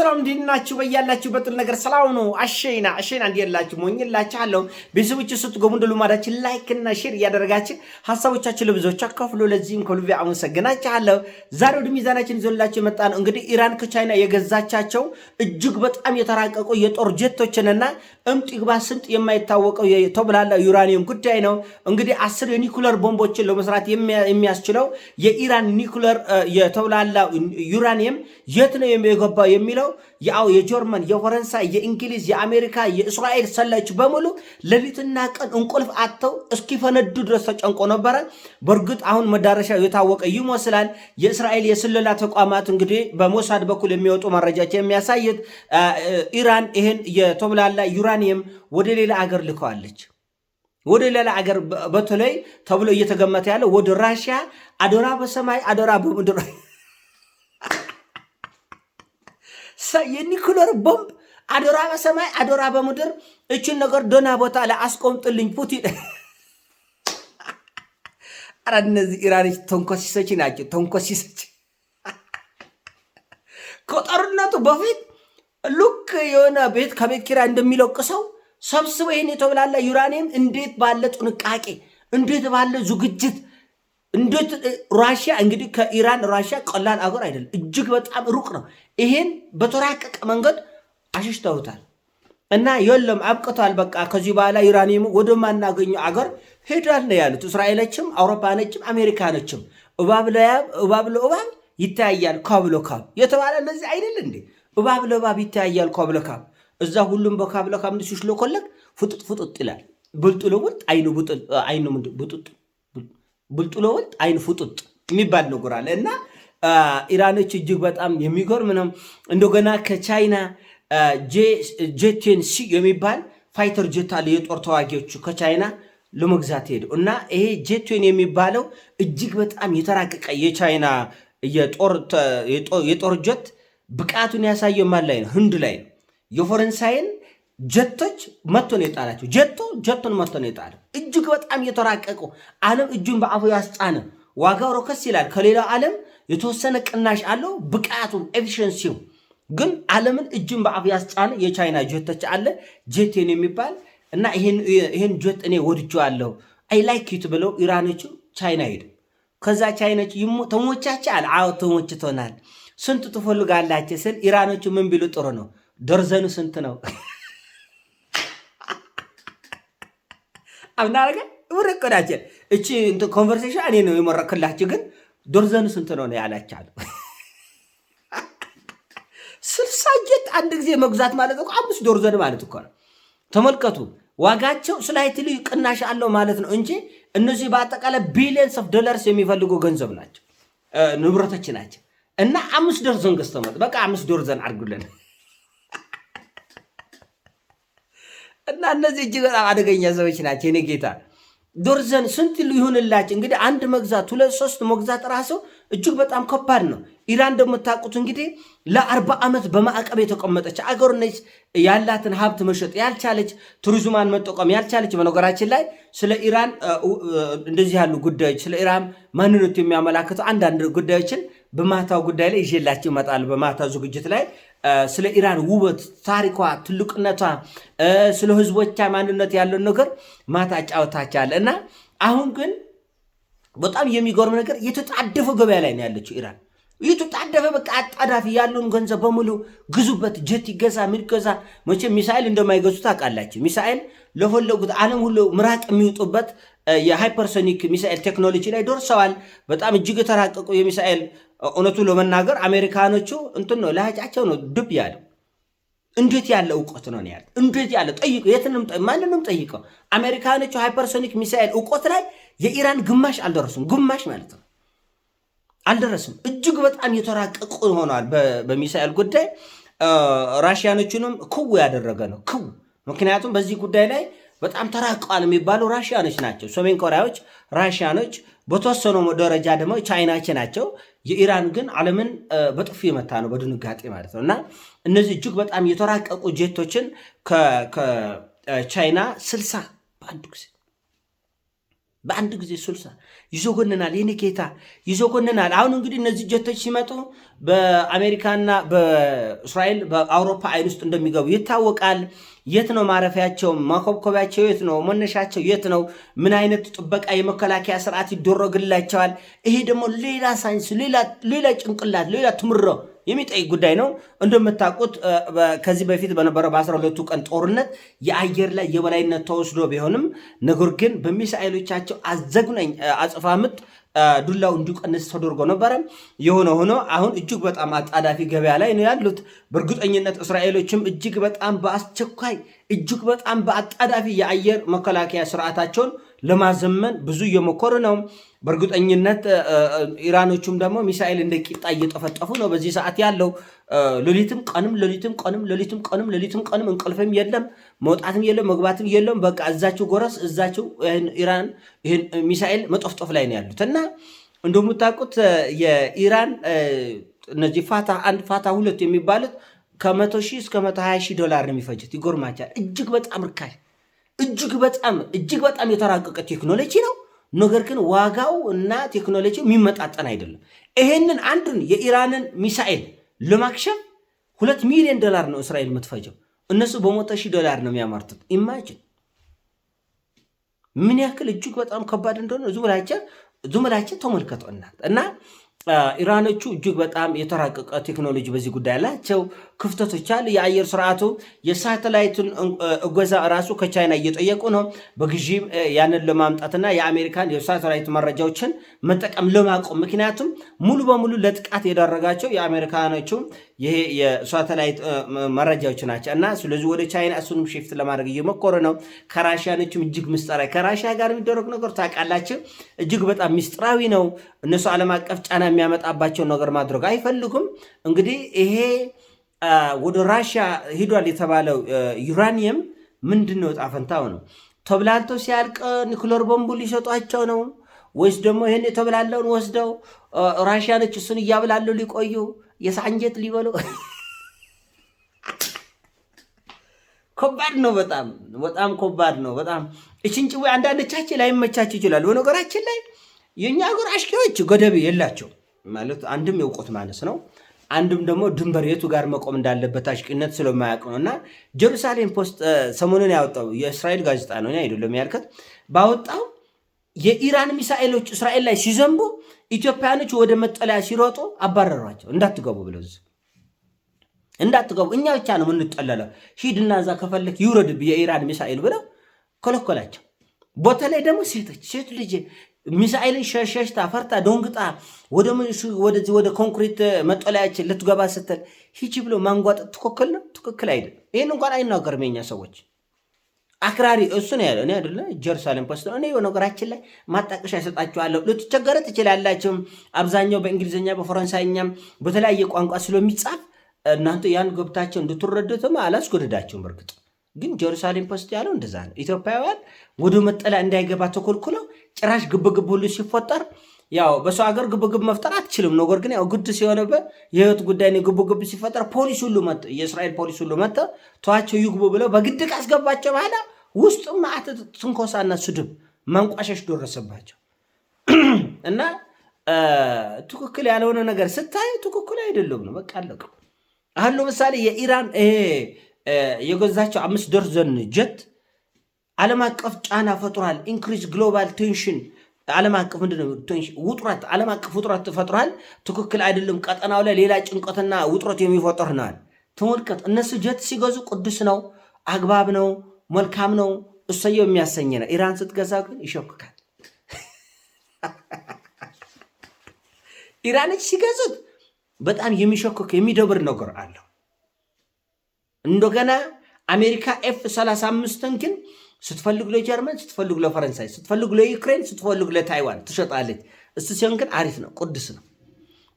ሰላም እንዴት ናችሁ? በያላችሁበት ሁሉ ነገር ሰላም ነው። አሸይና አሸይና እንዴት ናችሁ? ሞኝላችኋለሁ ቤተሰቦች ስትገቡ እንደ ልማዳችን ላይክ እና ሼር እያደረጋችሁ ሀሳቦቻችሁ ለብዙዎች አካፍሎ ለዚህም ከልቤ አመሰግናችኋለሁ። ዛሬ ወደ ሚዛናችን ይዞላችሁ የመጣ ነው እንግዲህ ኢራን ከቻይና የገዛቻቸው እጅግ በጣም የተራቀቁ የጦር ጀቶችንና እምጥ ይግባ ስምጥ የማይታወቀው የተብላላ ዩራኒየም ጉዳይ ነው። እንግዲህ አስር የኒኩለር ቦምቦችን ለመስራት የሚያስችለው የኢራን ኒኩለር የተብላላ ዩራኒየም የት ነው የገባው የሚለው ያለው ያው የጀርመን፣ የፈረንሳይ፣ የእንግሊዝ፣ የአሜሪካ፣ የእስራኤል ሰላዮች በሙሉ ሌሊትና ቀን እንቁልፍ አጥተው እስኪፈነዱ ድረስ ተጨንቆ ነበረ። በእርግጥ አሁን መዳረሻ የታወቀ ይመስላል። የእስራኤል የስለላ ተቋማት እንግዲህ በሞሳድ በኩል የሚወጡ መረጃዎች የሚያሳዩት ኢራን ይህን የተብላላ ዩራኒየም ወደ ሌላ አገር ልከዋለች። ወደ ሌላ አገር በተለይ ተብሎ እየተገመተ ያለው ወደ ራሽያ አደራ በሰማይ አደራ በምድር የኒኩለር ቦምብ አዶራ በሰማይ አዶራ በምድር እችን ነገር ደና ቦታ ላይ አስቆምጥልኝ ፑቲን። አረ እነዚህ ኢራኖች ተንኮሲሰች ናቸው፣ ተንኮሲሰች ከጦርነቱ በፊት ልክ የሆነ ቤት ከቤት ኪራይ እንደሚለቅሰው ሰብስበ ይህን የተብላላ ዩራኒየም እንዴት ባለ ጥንቃቄ እንዴት ባለ ዝግጅት እንዴት ራሽያ እንግዲህ ከኢራን ራሽያ ቀላል አገር አይደለም፣ እጅግ በጣም ሩቅ ነው። ይሄን በተራቀቀ መንገድ አሽሽተውታል እና የለም አብቅቷል፣ በቃ ከዚህ በኋላ ኢራኒም ወደማናገኘው አገር ሄዷል ነው ያሉት። እስራኤሎችም አውሮፓኖችም አሜሪካኖችም እባብ ለእባብ ይተያያል ካብ ለካብ የተባለ እነዚህ አይደል እንዴ? እባብ ለእባብ ይተያያል ካብ ለካብ እዛ ሁሉም በካብ ለካብ ንሱሽ ፍጡጥ ፍጡጥ ይላል። ብልጡ ለውጥ አይኑ ብጡጥ ብልጡ ለወልጥ አይን ፍጡጥ የሚባል ነገር አለ እና ኢራኖች እጅግ በጣም የሚገርም ነው። እንደገና ከቻይና ጄቴንሲ የሚባል ፋይተር ጀት አለ የጦር ተዋጊዎቹ ከቻይና ለመግዛት ሄደው እና ይሄ ጄቴን የሚባለው እጅግ በጣም የተራቀቀ የቻይና የጦር ጀት ብቃቱን ያሳየው ማን ላይ ነው? ህንድ ላይ ነው። የፈረንሳይን ጀቶች መቶ ነው የጣላቸው። ጀቶ ጀቶን መቶ ነው የጣለው። እጅግ በጣም የተራቀቁ ዓለም እጁን በአፉ ያስጫነ ዋጋው ረከስ ይላል። ከሌላው ዓለም የተወሰነ ቅናሽ አለው ብቃቱ ኤፊሽንሲው ግን ዓለምን እጅን በአፍ ያስጫነ የቻይና ጀቶች አለ ጄቴን የሚባል እና ይህን ጆት እኔ ወድጄዋለሁ አይ ላይክ ዩት ብለው ኢራኖች ቻይና ሄዱ። ከዛ ቻይኖች ተሞቻቸ አለ አዎ ተሞችቶናል። ስንት ትፈልጋላችሁ ስል ኢራኖቹ ምን ቢሉ ጥሩ ነው ደርዘኑ ስንት ነው አብናረገ ወረቀዳችን እቺ ኮንቨርሴሽን እኔ ነው የመረክላችሁ። ግን ዶርዘኑ ስንት ነው ነው ስልሳ ጀት አንድ ጊዜ መግዛት ማለት እኮ አምስት ዶርዘን ማለት እኮ ነው። ተመልከቱ ዋጋቸው ስላይትሊ ቅናሽ አለው ማለት ነው እንጂ እነዚህ በአጠቃላይ ቢሊየንስ ኦፍ ዶላርስ የሚፈልጉ ገንዘብ ናቸው ንብረቶች ናቸው። እና አምስት ዶርዘን ገዝተመጥ በቃ አምስት ዶርዘን አድርጉልን። እና እነዚህ እጅግ በጣም አደገኛ ሰዎች ናቸው። የኔ ጌታ ዶርዘን ስንት ሊሆንላቸው እንግዲህ አንድ መግዛት ሁለት ሶስት መግዛት ራሰው እጅግ በጣም ከባድ ነው። ኢራን እንደምታውቁት እንግዲህ ለአርባ ዓመት በማዕቀብ የተቀመጠች አገር ነች። ያላትን ሀብት መሸጥ ያልቻለች፣ ቱሪዝሟን መጠቀም ያልቻለች። በነገራችን ላይ ስለ ኢራን እንደዚህ ያሉ ጉዳዮች ስለ ኢራን ማንነቱ የሚያመላክቱ አንዳንድ ጉዳዮችን በማታው ጉዳይ ላይ ይዤላችሁ እመጣለሁ። በማታው ዝግጅት ላይ ስለ ኢራን ውበት፣ ታሪኳ፣ ትልቅነቷ፣ ስለ ህዝቦቿ ማንነት ያለውን ነገር ማታ ጫወታቻለ እና አሁን ግን በጣም የሚገርም ነገር የተጣደፈ ገበያ ላይ ነው ያለችው ኢራን። የተጣደፈ በቃ አጣዳፊ ያለውን ገንዘብ በሙሉ ግዙበት፣ ጀት ይገዛ፣ ምን ይገዛ። መቼም ሚሳኤል እንደማይገዙ ታውቃላችሁ። ሚሳኤል ለፈለጉት ዓለም ሁሉ ምራቅ የሚውጡበት የሃይፐርሶኒክ ሚሳኤል ቴክኖሎጂ ላይ ደርሰዋል። በጣም እጅግ የተራቀቁ የሚሳኤል እውነቱ ለመናገር አሜሪካኖቹ እንትን ነው ላጫቸው ነው ድብ ያለው። እንዴት ያለ እውቀት ነው ያለ እንዴት ያለ ጠይቁ፣ የትንም ማንንም ጠይቀው። አሜሪካኖቹ ሃይፐርሶኒክ ሚሳይል እውቀት ላይ የኢራን ግማሽ አልደረሱም፣ ግማሽ ማለት ነው አልደረሱም። እጅግ በጣም የተራቀቁ ሆነዋል። በሚሳይል ጉዳይ ራሽያኖቹንም ክው ያደረገ ነው ክው። ምክንያቱም በዚህ ጉዳይ ላይ በጣም ተራቀዋል የሚባሉ ራሽያኖች ናቸው፣ ሰሜን ኮሪያዎች ራሽያኖች በተወሰኑ ደረጃ ደግሞ ቻይናች ናቸው። የኢራን ግን ዓለምን በጥፊ የመታ ነው በድንጋጤ ማለት ነው። እና እነዚህ እጅግ በጣም የተራቀቁ ጄቶችን ከቻይና ስልሳ በአንድ ጊዜ በአንድ ጊዜ ስልሳ ይዞ ኮንናል። የኔ ጌታ ይዞ አሁን እንግዲህ እነዚህ ጀቶች ሲመጡ በአሜሪካና በእስራኤል በአውሮፓ አይን ውስጥ እንደሚገቡ ይታወቃል። የት ነው ማረፊያቸው? ማኮብኮቢያቸው የት ነው? መነሻቸው የት ነው? ምን አይነት ጥበቃ የመከላከያ ስርዓት ይደረግላቸዋል? ይሄ ደግሞ ሌላ ሳይንስ፣ ሌላ ጭንቅላት፣ ሌላ ትምሮ የሚጠይቅ ጉዳይ ነው። እንደምታውቁት ከዚህ በፊት በነበረው በአስራ ሁለቱ ቀን ጦርነት የአየር ላይ የበላይነት ተወስዶ ቢሆንም ነገር ግን በሚሳኤሎቻቸው አዘግናኝ አጽፋ ምት ዱላው እንዲቀንስ ተደርጎ ነበረ። የሆነ ሆኖ አሁን እጅግ በጣም አጣዳፊ ገበያ ላይ ነው ያሉት። በእርግጠኝነት እስራኤሎችም እጅግ በጣም በአስቸኳይ እጅግ በጣም በአጣዳፊ የአየር መከላከያ ስርዓታቸውን ለማዘመን ብዙ እየሞከሩ ነው። በእርግጠኝነት ኢራኖቹም ደግሞ ሚሳኤል እንደ ቂጣ እየጠፈጠፉ ነው በዚህ ሰዓት ያለው። ሌሊትም ቀንም ሌሊትም ቀንም ሌሊትም ቀንም ሌሊትም ቀንም እንቅልፍም የለም መውጣትም የለም መግባትም የለም። በቃ እዛቸው ጎረስ እዛቸው ኢራን ይህን ሚሳኤል መጠፍጠፍ ላይ ነው ያሉት እና እንደምታውቁት የኢራን እነዚህ ፋታ አንድ ፋታ ሁለት የሚባሉት ከመቶ ሺህ እስከ መቶ ሀያ ሺህ ዶላር ነው የሚፈጅት። ይጎርማቻል። እጅግ በጣም ርካሽ እጅግ በጣም እጅግ በጣም የተራቀቀ ቴክኖሎጂ ነው። ነገር ግን ዋጋው እና ቴክኖሎጂው የሚመጣጠን አይደለም። ይሄንን አንዱን የኢራንን ሚሳኤል ለማክሸፍ ሁለት ሚሊዮን ዶላር ነው እስራኤል የምትፈጀው። እነሱ በመቶ ሺህ ዶላር ነው የሚያመርቱት። ኢማጅን ምን ያክል እጅግ በጣም ከባድ እንደሆነ ዙምላችን ዙምላችን ተመልከቶ እናት እና ኢራኖቹ እጅግ በጣም የተራቀቀ ቴክኖሎጂ በዚህ ጉዳይ ያላቸው ክፍተቶች አሉ። የአየር ስርዓቱ የሳተላይቱን እገዛ ራሱ ከቻይና እየጠየቁ ነው። በግዢም ያንን ለማምጣትና የአሜሪካን የሳተላይት መረጃዎችን መጠቀም ለማቆም፣ ምክንያቱም ሙሉ በሙሉ ለጥቃት የዳረጋቸው የአሜሪካኖቹ ይሄ የሳተላይት መረጃዎች ናቸው እና ስለዚህ ወደ ቻይና እሱንም ሽፍት ለማድረግ እየሞከረ ነው። ከራሽያኖችም እጅግ ምስጢራዊ ከራሽያ ጋር የሚደረጉ ነገር ታውቃላችሁ፣ እጅግ በጣም ምስጢራዊ ነው። እነሱ ዓለም አቀፍ ጫና የሚያመጣባቸውን ነገር ማድረግ አይፈልጉም። እንግዲህ ይሄ ወደ ራሽያ ሂዷል የተባለው ዩራኒየም ምንድን ነው ጣፈንታው ነው? ተብላልቶ ሲያልቅ ኒክሎር ቦምቡ ሊሰጧቸው ነው ወይስ ደግሞ ይህን የተብላለውን ወስደው ራሽያኖች እሱን እያብላሉ ሊቆዩ የሳንጀት ሊበለው ከባድ ነው። በጣም በጣም ከባድ ነው። በጣም እችን ጭዌ አንዳንዶቻችን ላይመቻችሁ ይችላል። በነገራችን ላይ የእኛ ሀገር አሽኪዎች ገደብ የላቸው ማለት አንድም የእውቀት ማነስ ነው፣ አንድም ደግሞ ድንበር የቱ ጋር መቆም እንዳለበት አሽቂነት ስለማያውቅ ነው። እና ጀሩሳሌም ፖስት ሰሞኑን ያወጣው የእስራኤል ጋዜጣ ነው አይደለም ያልከት ባወጣው የኢራን ሚሳኤሎች እስራኤል ላይ ሲዘንቡ ኢትዮጵያኖች ወደ መጠለያ ሲሮጡ አባረሯቸው። እንዳትገቡ ብለው እንዳትገቡ፣ እኛ ብቻ ነው የምንጠለለው፣ ሂድና እዛ ከፈለክ ይውረድብ የኢራን ሚሳኤል ብለው ኮለኮላቸው። በተለይ ደግሞ ሴቶች ሴት ልጅ ሚሳኤልን ሸሸሽታ ፈርታ ደንግጣ ወደ ኮንክሪት መጠለያችን ልትገባ ስትል ሂጂ ብሎ ማንጓጠጥ ትክክል ነው? ትክክል አይደለም። ይህን እንኳን አይናገርም የኛ ሰዎች። አክራሪ እሱ ነው ያለው። እኔ አይደለ ጀሩሳሌም ፖስት ነው። እኔ በነገራችን ላይ ማጣቀሻ ይሰጣችኋለሁ። ልትቸገረ ትችላላችሁ። አብዛኛው በእንግሊዝኛ በፈረንሳይኛም በተለያየ ቋንቋ ስለሚጻፍ እናንተ ያን ገብታቸው እንድትረዱትም አላስጎደዳቸውም። እርግጥ ግን ጀሩሳሌም ፖስት ያለው እንደዛ ነው። ኢትዮጵያውያን ወደ መጠለያ እንዳይገባ ተኮልኩለው ጭራሽ ግብግብ ሁሉ ሲፈጠር ያው በሰው ሀገር ግብግብ መፍጠር አትችልም። ነገር ግን ያው ግድ ሲሆንበት የህይወት ጉዳይ ነው። ግብግብ ሲፈጠር ፖሊስ ሁሉ መጥ የእስራኤል ፖሊስ ሁሉ መጥ ተዋቸው ይግቡ ብለው በግድ ካስገባቸው በኋላ ውስጡ ማአት ትንኮሳና ስድብ፣ መንቋሸሽ ደረሰባቸው እና ትክክል ያልሆነ ነገር ስታይ ትክክል አይደለም ነው በቃ አለቀ። አሁን ለምሳሌ የኢራን ይሄ የገዛቸው አምስት ደርዘን ጀት ዓለም አቀፍ ጫና ፈጥሯል። ኢንክሪዝ ግሎባል ቴንሽን ዓለም አቀፍ ምንድን ነው ውጥረት፣ ዓለም አቀፍ ውጥረት ትፈጥሯል። ትክክል አይደለም። ቀጠናው ላይ ሌላ ጭንቀትና ውጥረት የሚፈጥር ነዋል። ተመልከት፣ እነሱ ጀት ሲገዙ ቅዱስ ነው፣ አግባብ ነው፣ መልካም ነው፣ እሰየው የሚያሰኝ ነው። ኢራን ስትገዛ ግን ይሸኩካል ኢራኖች ሲገዙት በጣም የሚሸኩክ የሚደብር ነገር አለው። እንደገና አሜሪካ ኤፍ 35ን ግን ስትፈልግ ለጀርመን፣ ስትፈልግ ለፈረንሳይ፣ ስትፈልግ ለዩክሬን፣ ስትፈልግ ለታይዋን ትሸጣለች። እሱ ሲሆን ግን አሪፍ ነው፣ ቅዱስ ነው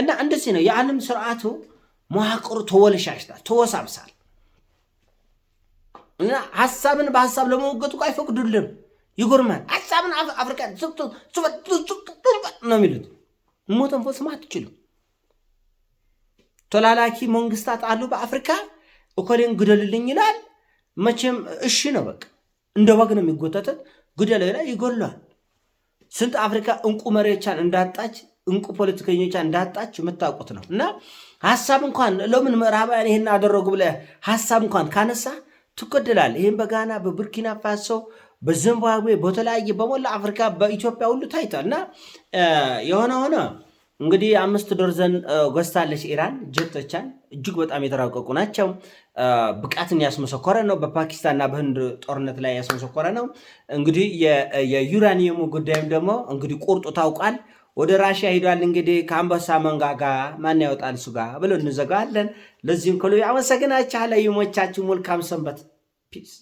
እና እንደዚህ ነው የዓለም ስርዓቱ መዋቅሩ ተወለሻሽታል፣ ተወሳብሳል እና ሀሳብን በሀሳብ ለመወገጡ አይፈቅዱልም። ይጎርማል። ሀሳብን አፍሪካ ነው የሚሉት ሞተን ተንፈስ ማ ተላላኪ መንግስታት አሉ በአፍሪካ እኮሌን ግደልልኝ ይላል። መቼም እሺ ነው በቃ እንደ በግ ነው የሚጎተተን። ግደለው ላይ ይጎሏል። ስንት አፍሪካ እንቁ መሪዎቿን እንዳጣች እንቁ ፖለቲከኞቿን እንዳጣች የምታውቁት ነው። እና ሀሳብ እንኳን ለምን ምዕራባውያን ይሄን አደረጉ ብለ ሀሳብ እንኳን ካነሳ ትገደላለህ። ይህም በጋና በቡርኪና ፋሶ በዚምባብዌ በተለያየ በሞላ አፍሪካ በኢትዮጵያ ሁሉ ታይቷል። እና የሆነ ሆነ እንግዲህ አምስት ዶርዘን ጎስታለች ኢራን ጀቶቻን እጅግ በጣም የተራቀቁ ናቸው። ብቃትን ያስመሰኮረ ነው። በፓኪስታንና በህንድ ጦርነት ላይ ያስመሰኮረ ነው። እንግዲህ የዩራኒየሙ ጉዳይም ደግሞ እንግዲህ ቁርጡ ታውቋል። ወደ ራሽያ ሂዷል። እንግዲህ ከአንበሳ መንጋ ጋር ማን ያወጣል እሱ ጋር ብሎ እንዘጋዋለን። ለዚህም ከሉ አመሰግናችኋለሁ። ይሞቻችሁ። መልካም ሰንበት። ፒስ